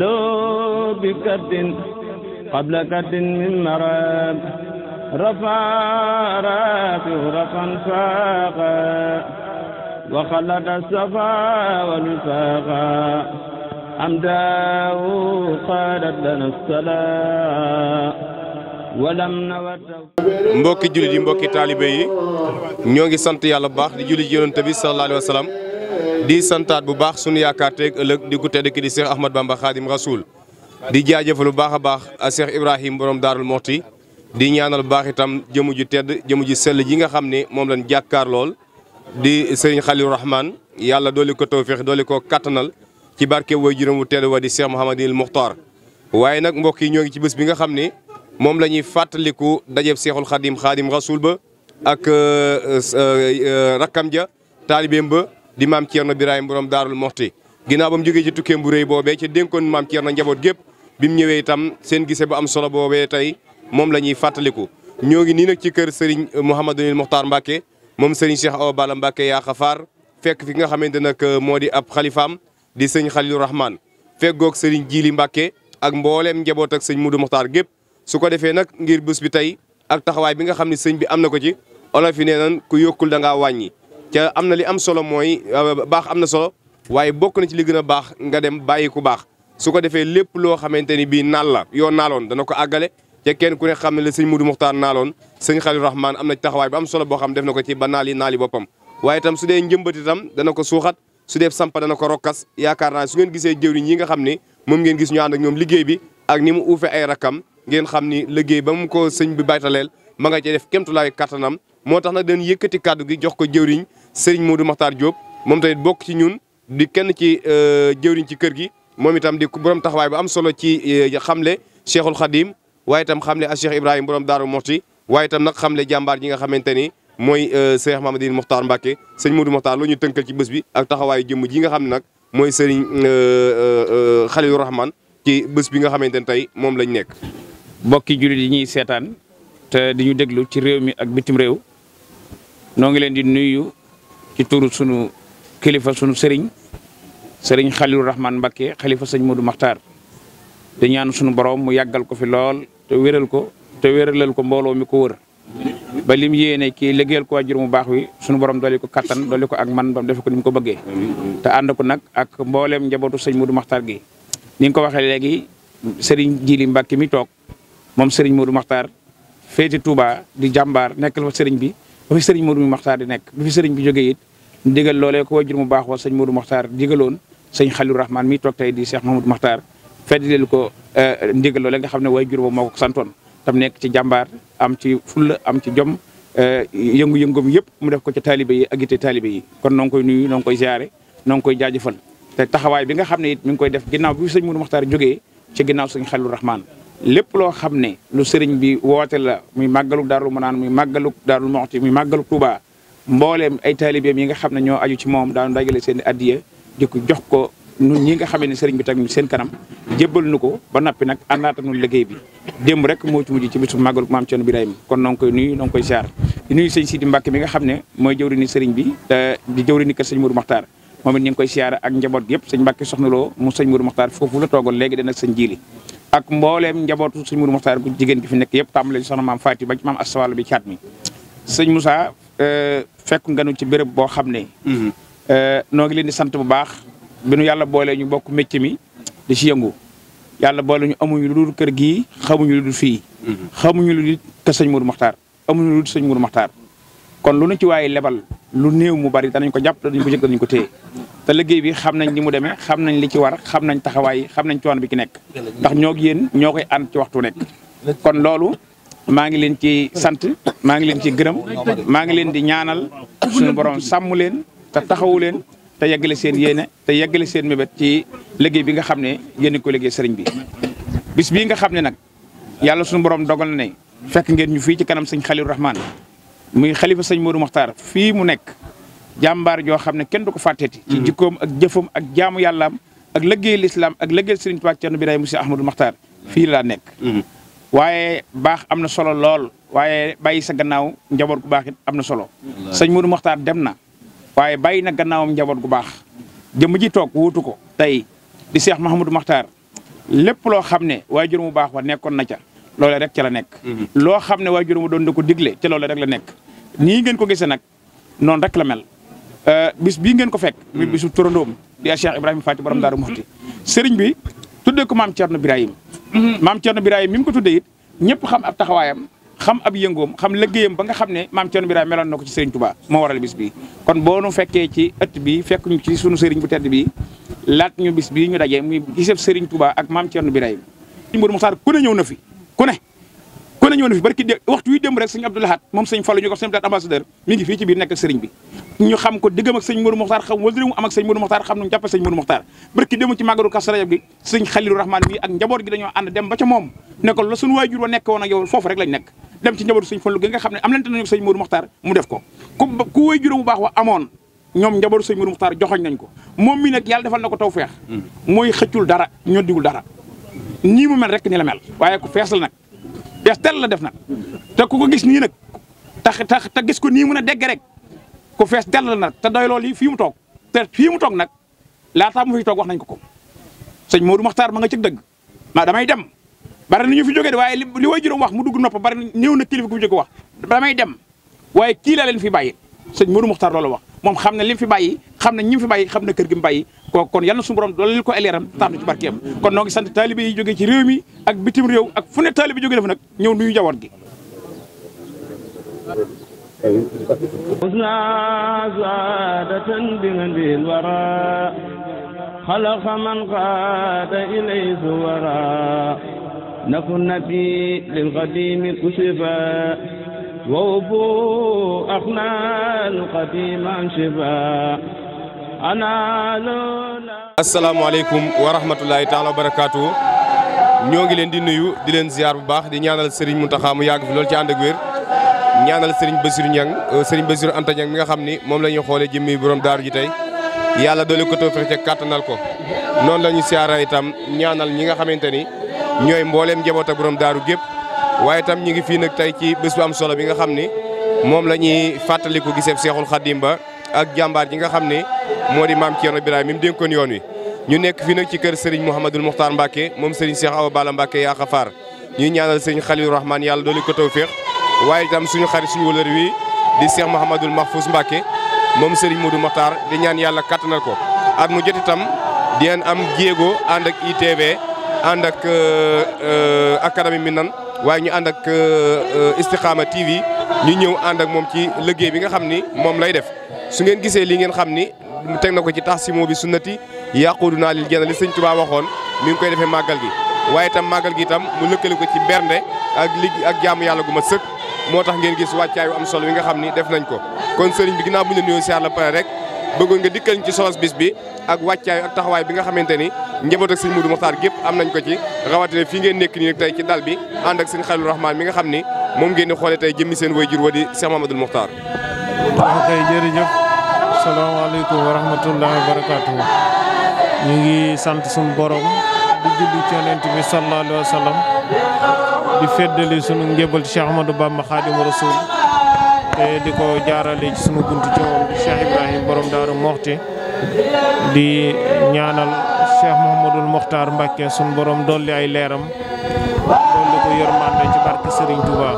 لو بكرد قبل كرد من مراب رفع رافع رفعا فاقا وخلد الصفا والوفاقا أمداه قادت لنا الصلاة mbokki jullit yi mbokki taalibe ñoo ngi sant yàlla bu di julli ci yonent bi sallallahu wa sallam di santaat bu baax sunu yaakaar teeg ëllëg di ko tedd ki di Cheikh Ahmad Bamba Khadim Rasoul di jaajëfal bu baax a baax a Cheikh Ibrahim borom Daarul Moxti di ñaanal bu baax itam jëmu ji tedd jëmu ji sell ji nga xam ne moom lañ jàkkaar lool di sëriñ Khalil Rahman yàlla doole ko tawféex doole ko kattanal ci barke way juróom bu tedd wa di Cheikh Mouhamadil Muxtaar waaye nag mbokk yi ñoo ngi ci bés bi nga xam ne moom la ñuy fàttaliku dajeb Seexul Xadim Xadim Rasoul ba ak euh, euh, euh, rakkam ja taalibeem di maam na Birahim borom Daarul Moxti ginnaaw ba mu jógee ci tukkeem bu réy boobee ca dénkoon maam Thierno njaboot gépp bi mu ñëwee itam seen gisee ba am solo boobee tey moom la ñuy fàttaliku ñoo ngi nii nag ci kër Serigne Mouhamadou Mokhtar Mbacke moom Serigne Cheikh Awa Balla Mbacke yaa xafaar fekk fi nga xamante nag moo di ab xalifaam di sëñ Khalilou Rahman feggoog Serigne Djili Mbacke ak mbooleem njaboot ak sëñ Moudou Mokhtar gépp su ko defee nag ngir bés bi tey ak taxawaay bi nga xam ne sëñ bi am na ko ci olof yi nee nan ku yokkul da ngaa wàññi ca am na li am solo mooy euh, baax am na solo waaye bokk na ci li gën a baax nga dem bàyyi ku baax su ko defee lépp loo xamante ni bii naal la yoo naaloon dana ko àggale te kenn ku ne xam ne la sëñ Mudu Muxtaar naaloon sëñ Xalilu Rahmaan am na taxawaay bu am boo xam def na ko ci ba naal yi naal yi boppam waaye itam su dee njëmbat itam ko suuxat su dee samp dana ko rokkas yaakaar naa su ngeen gisee jëwriñ yi nga xam ni moom ngeen gis ñu ak ñoom liggéey bi ak ni mu uufe ay rakam ngeen xam ni liggéey ba mu ko sëñ bi baytaleel ma nga ci def kémtulaay kattanam moo tax nag dañu yëkkati kàddu gi jox ko jëwriñ sëriñ Modou Makhtar Diop moom tamit bokk ci ñun di kenn ci euh, jëwriñ ci kër gi moom itam di borom taxawaay bu am solo ci xam euh, xamle Cheikhul Khadim waaye tam itam xamle ak Cheikh Ibrahima borom Daaru Moxti waaye itam nag xam xamle jàmbaar ji nga xamante ni mooy euh, Cheikh Mamadine Mokhtar Mbacke sëñ Modou Mokhtar ñu tënkal ci bés bi ak taxawaayu jëmm ji nga xam ne nag mooy sëriñ Khalilou Rahman ci bés bi nga xamante ne tey moom lañ nekk. mbokki jullit yi ñuy seetaan te di ñu déglu ci réew mi ak bitim réew noo di nuyu. ci turu sunu kilifa sunu sëriñ sëriñ Xalilu Rahman Mbakke xalifa sëñ Modou Maxtaar te ñaan sunu borom mu yàggal ko fi lool te wéral ko te wéralal ko mbooloo mi ko wër ba lim yéene kii liggéeyal ko waajur mu baax wi sunu borom dolli ko kattan dolli ko ak man bam defe ko ni ko bëggee te ànd ko nag ak mbooleem njabootu sëñ Modou Maxtaar gi ni ko waxee léegi sëriñ Jili mbakki mi toog moom sëriñ Modou maxtar féeti Touba di jàmbaar nekkal fa sëriñ bi ba fi sëriñ Modou Mokhtar di nekk bi fi sëriñ bi jógee it digal loolee ko wajur mu baax wa sëñ Modou Mokhtar digaloon sëñ Khalilou Rahman mi toog tey di Cheikh Mahamadou Mokhtar feddileel ko eh, ndigal loole nga xam ne wajur ba moo ko santoon tam nekk ci jàmbaar am ci fulla am ci jom eh, yëngu-yëngum yëpp mu def ko ci taalibe yi ak ite yi kon noo koy nuyu noo ngi koy ziare noo ngi jaajëfal te taxawaay bi nga xam ne it mi ngi koy def ginnaaw bi sëñ Modou Mokhtar jógee ci ginnaaw sëñ Khalilou Rahman lépp loo xam ne lu sëriñ bi woote la muy màggaluk Daaru Manaan muy màggaluk Daaru Muxti muy màggaluk Tuubaa mbooleem ay taalibeem yi nga xam ne ñoo aju ci moom daanu dajale seen addiya di ko jox ko ñun ñi nga ne sëriñ bi tamit seen kanam jébbal nu ko ba noppi nag àndaata nu liggéey bi démb rek moo ci mujj ci bisu màggaluk maam Cerno Birahim kon noo ngi koy nuyu nuy ngi koy ziar di sëñ Sidi Mbàkke mi nga xam ne mooy jëwriñu sëriñ bi te di jëwriñu kër sëñ Mourou Maxtaar moom it ñu ngi koy siyaara ak njaboot gi yëpp sëñ Mbàkke soxnaloo mu sëñ Mourou Maxtaar foofu la toogoon léegi den ak sëñ Jili ak mbooleem njabootu sëñ Mourou Mokhtar bu jigéen gi fi nekk yëpp tàmbale soxna maam Faati ba ci maam Asawal bi caat mi sëñ Moussa euh, fekk nga nu ci bërëb boo xam ne. Mhm. Euh, noo ngi leen di sant bu baax bi yàlla boolee ñu bokk métier mi di ci yëngu yàlla boole ñu amuñu lu dul kër gi xamuñu lu dul fii. Mhm. xamuñu lu dul kër sëñ Mourou Mokhtar amuñu lu dul sëñ Mourou Mokhtar. kon lu nu ci waay lebal lu néew mu bari danañ ko jàpp danañ ko jëkk danañ ko téye te liggéey bi xam nañ ni mu demee xam nañ li ci war xam nañ taxawaay yi xam nañ coon bi ki nekk ndax ñoo ak yéen ñoo koy ànd ci waxtu nekk kon loolu maa ngi leen ci sant maa ngi leen ci gërëm maa ngi leen di ñaanal suñu boroom sàmm leen te taxawu leen te yeggale seen yéene te yeggale seen mébét ci liggéey bi nga xam ne yéen ko liggéey seriñ bi bis bii nga xam ne nag yàlla suñu borom dogal ne fekk ngeen ñu fii ci kanam sëñ Xalilu Rahmaan muy xalifa sëñ Modou Mokhtar fii mu nekk jàmbaar joo xam ne kenn du ko fàtteeti ci mm-hmm. jikkoom ak jëfam ak jaamu yàllaam ak lëggéey lislaam ak lëggéey sëriñ Tuubaa Cerno Birahim Musaa Ahmadou Mokhtar fii laa nekk mm-hmm. waaye baax am na solo lool waaye bàyyi sa gannaaw njaboot gu baax am na solo sëñ Modou Mokhtar dem na waaye bàyyi na gannaawam njaboot gu baax jëmm ji toog wuutu ko tey di Seex Mahamadou Mokhtar lépp loo xam ne waaye waajur mu baax wa nekkoon na ca loole rek ca la nekk. Mhm. loo xam ne waajur mu doon na ko digle ca loolee rek la nekk nii ngeen ko gisee nag noon rek la mel euh, bis bii ngeen ko fekk. Mhm. muy bisu turandoom di Cheikh Ibrahima Faty borom Daaru Muxti sëriñ bi tuddee ko maam Thierno Birahim. Mhm. maam Thierno Birahim mi mu ko tuddee it ñëpp xam ab taxawaayam. xam ab yëngoom xam liggéeyam ba nga xam ne maam Thierno Birahim meloon na ko ci Serigne Touba moo waral bis bi kon boo nu fekkee ci ëtt bi fekk ñu ci sunu Serigne bu tedd bi laat ñu bis bii ñu dajee muy gisab Serigne Touba ak maam Thierno Birahim Mbour Moussa ku ne ñëw na fi ku ne ku ne fi barki dé waxtu wi démb rek sëñ Abdou moom sëñ Fallou ñu ko sëñ Abdou Lahad ambassadeur mi ngi fii ci biir nekk ak sëriñ bi ñu xam ko diggam ak sëñ Modou Mokhtar xam wala mu am ak sëñ Modou Mokhtar xam nuñu njaboot gi dañoo ànd dem ba ca moom ne la suñu waajur wa nekk woon ak yow foofu rek lañ nekk dem ci njabootu sëñ Fallou gi nga xam ne am lante nañu sëñ Modou Mokhtar mu def ko ku ku a bu baax wa amoon ñoom njabootu sëñ Modou Mokhtar joxoñ nañ ko moom mi mm. dara nii mu mel rekk ni mel waaye ku fees la nag fees tel la def nag te ku ko gis nii nag tax te gis ko nii mun a dégg rek ku fees tel la nag te day lool yi fii mu toog te fii mu toog nag laataa mu fiy toog wax nañ ko ko sëñ Modou Makhtar ma nga cëg dëgg ma damay dem bari na ñu fi jógee de waaye li way juróom wax mu dugg nopp bari na néew na kilifa gu mu jóge wax damay dem waaye kii laa leen fi bàyyi sëñ Modou Makhtar loolu wax moom xam ne li fi bàyyi xam ne ñi fi bàyyi xam ne kër gi mu bàyyi kooku kon yal na suñu borom dooleel ko eleeram taam ci barkeem kon noo taalibe yi jógee ci réew mi ak bitim réew ak fu ne taalibe jógee dafa nag ñëw nuyu jawoot gi خلق من قاد إليه ورا نكن نبي للقديم كشفا وأبو أخنان قديما شبا أنا لولا asalaamaaleykum wa rahmatulahi taala wa barakaatu ñoo ngi leen di nuyu di leen ziar bu baax di ñaanal Serigne Mountakha mu yàgg fi loolu ci ànd ak wér ñaanal Serigne Bassirou Niang euh, Serigne Bassirou Anta Niang mi nga xam ni moom la ñuy xoolee jëmmi borom daaru ji tey yàlla doole ko tawfeex ca kàttanal ko noonu la ñu siyaara itam ñaanal ñi nga xamante ni ñooy mbooleem njaboot ak borom daaru gépp waaye itam ñu ngi fii nag tey ci bés am solo bi nga xam ni moom la ñuy fàttaliku giseeb Seexul Xadim ba ak jàmbaar ji nga xam ni moo di maam Thierno Birahim mi mu dénkoon yoon wi. ñu nekk fii nag ci kër Serigne Mouhamadul Moukhtar Mbacke moom Serigne Cheikh Awa Balla Mbacke yaa xafaar ñu ñaanal Serigne Khalilou Rahman yàlla doole ko tawféex waaye itam suñu xarit suñu wëlër wi di Cheikh Mouhamadul Mahfous Mbacke moom Serigne Modou Moukhtar di ñaan yàlla kattanal ko at mu jot itam di am jéego ànd ak ITV ak euh, euh, académie Minane waaye ñu ànd ak euh, Istikhama TV ñu ñëw ànd ak moom ci liggéey bi nga xam ni moom lay def su ngeen gisee lii ngeen xam ni teg na ko ci tax simo bi sunnati yàquudu naa lil jenn li sëñ Tuubaa waxoon mi ngi koy defee màggal gi waaye itam màggal gi itam mu lëkkale ko ci bernde ak ligg ak jaamu yàlla gu ma sëkk moo tax ngeen gis wàccaayu am solo yi nga xam ni def nañ ko kon sëriñ bi ginnaaw bu ñu la nuyoo siyaar la pare rek bëggoon nga dikkal ci solos bis bi ak wàccaayu taxawaay bi nga xamante ni njaboot ak sëñ Moudou Mokhtar gépp am nañ ko ci rawatina fii ngeen nekk nii nag tey ci dal bi ànd ak sëñ Khalilou Rahman mi nga xam ni moom ngeen di xoolee tey jëmmi seen wayjur wa di Cheikh Mamadou Mokhtar. waaw kay jërëjëf salaamaaleykum wa rahmatulah wa barakaatu. ñu ngi sant suñu borom di julli ci yonent bi sallallahu alayhi wa sallam di feddali sunu njëbal Cheikh Ahmadou Bamba Khadim Rasoul te di ko jaarale ci sunu bunt ci moom di Ibrahim borom Daaru Moxti Cheikh Mouhamadul Mokhtar Mbacke sunu borom dolli ay leeram dolli ko yërmande ci barke Serigne Touba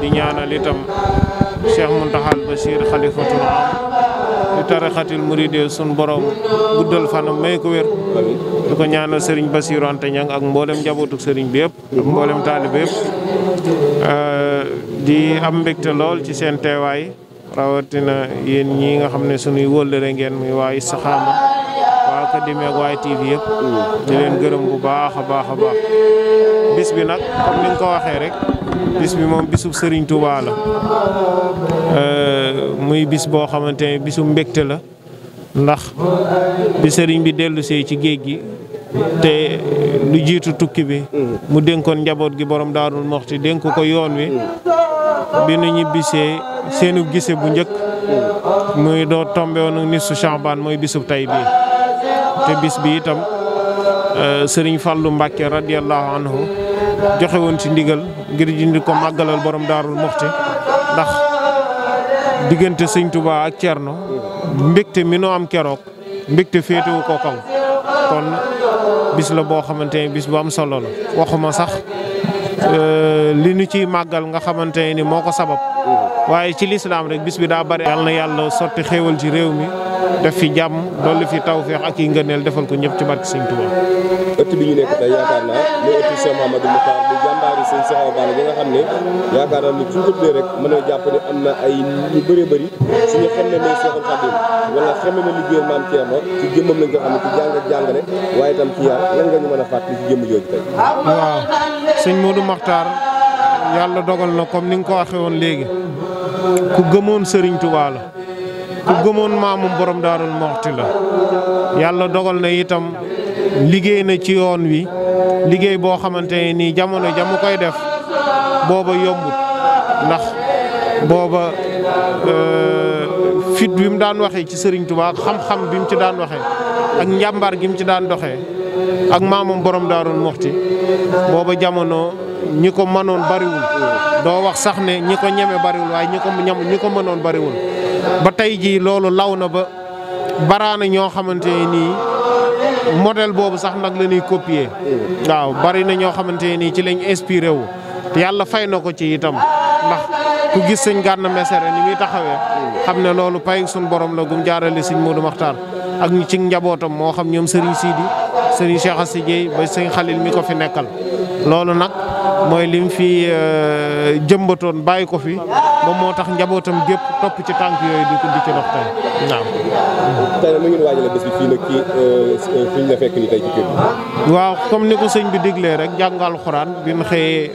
di ñaanal itam Cheikh Mountakhal Bachir xalifatul am di tarixatil muride sunu borom guddal fanam may ko wér. di ko ñaanal Serigne Bassirou Anta ak mboolem njabootu sëriñ bi yëpp ak mboolem taalibe yëpp di am mbégte lool ci seen teewaay rawatina yéen ñi nga xam ne sunuy wóllëre ngeen muy waa Istikhama waa académie ak waay TV yëpp. di leen gërëm bu baax a baax a baax. bis bi nag comme ni nga ko waxee rek bis bi moom bisub Serigne Touba euh, muy bis boo xamante ne bisu mbégte la ndax bi Serigne bi dellusee ci géej gi. te lu jiitu tukki bi mu dénkoon njaboot gi boroom daarul moxti dénk ko yoon wi bi nu ñibbisee seenu gise bu njëkk muy doo tombe woon ak nisu bisub tey bii te bis bi itam euh, sëriñ Fallou Mbacke radiallahu anhu joxe woon ci ndigal ngir jindi ko màggalal boroom daarul muxti ndax diggante sëñ Touba ak Thierno mbégte mi noo am keroog mbégte féetewu ko kaw kon bis la boo xamante ne bis bu am solo la waxuma sax euh, li ñu ciy màggal nga xamante ni moo ko sabab waaye ci lislaam rek bis bi daa bari yàlla na yàlla sotti xéewal ci réew mi def fi jàmm dolli fi tawféex ak yi ngëneel defal ko ñëpp ci barke Sëñ Tuubaa ëtt bi ñu nekk tey yaakaar naa muy ëtt Cheikh Mamadou Moukhtar di jàmbaari Sëñ Cheikh Awa Balla gi nga xam ne yaakaar naa ni suñ ko a jàpp ne ay ñu bëree bëri suñu xam ne nay Seexul Xadim wala xam ne na liggéey maam Thierno ci jëmmam lañ ko xam ne ci waaye itam ci yar lan nga ñu mën a fàttali ci jëmm jooju tey waaw sëñ Modou Moukhtar yàlla dogal na comme ni nga ko waxee woon léegi ku gëmoon Serigne Touba la ku gëmoon maamum borom Daarul Moxti la yàlla dogal na itam liggéey na ci yoon wi liggéey boo xamante ne nii jamono jamu mu koy def booba yombut ndax booba euh, fit bi mu daan waxee ci Serigne Touba ak xam-xam bi mu ci daan waxee ak njàmbaar gi mu ci daan doxee ak maamum borom Daarul Moxti booba jamono. ñi ko mënoon bariwul doo wax sax ne ñi ko ñeme bariwul waaye ñi ko ñam ñi ko mënoon bariwul ba tey jii loolu law na ba baraana ñoo xamante nii modèle boobu sax nag la ñuy copier waaw bari na ñoo xamante nii ci lañ inspiré wu yàlla fay na ko ci itam ndax ku gis sëñ Gana Messere ni muy taxawee xam ne loolu pay suñ borom la gum jaarale sëñ Modou Makhtar ak ñu ci njabootam moo xam ñoom sëriñ Sidi sëriñ Cheikh Assi Dieye ba sëñ Khalil mi ko fi nekkal mooy lim fi euh, jëmbatoon bàyyi ko fi moom moo tax njabootam gépp topp ci tànk yooyu di ko di ci dox tey waaw. tey nag euh, fekk waaw comme ni ko sëñ bi diglee rek jàngal xuraan bi ñu xëyee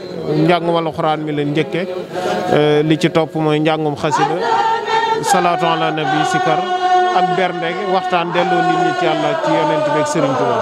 njàngum alxuraan mi leen njëkke euh, li ci topp mooy njàngum xasida salaatu ala sikar ak bernde waxtaan delloo nit ñi ci yàlla ci yonent beeg Sëriñ Tuubaa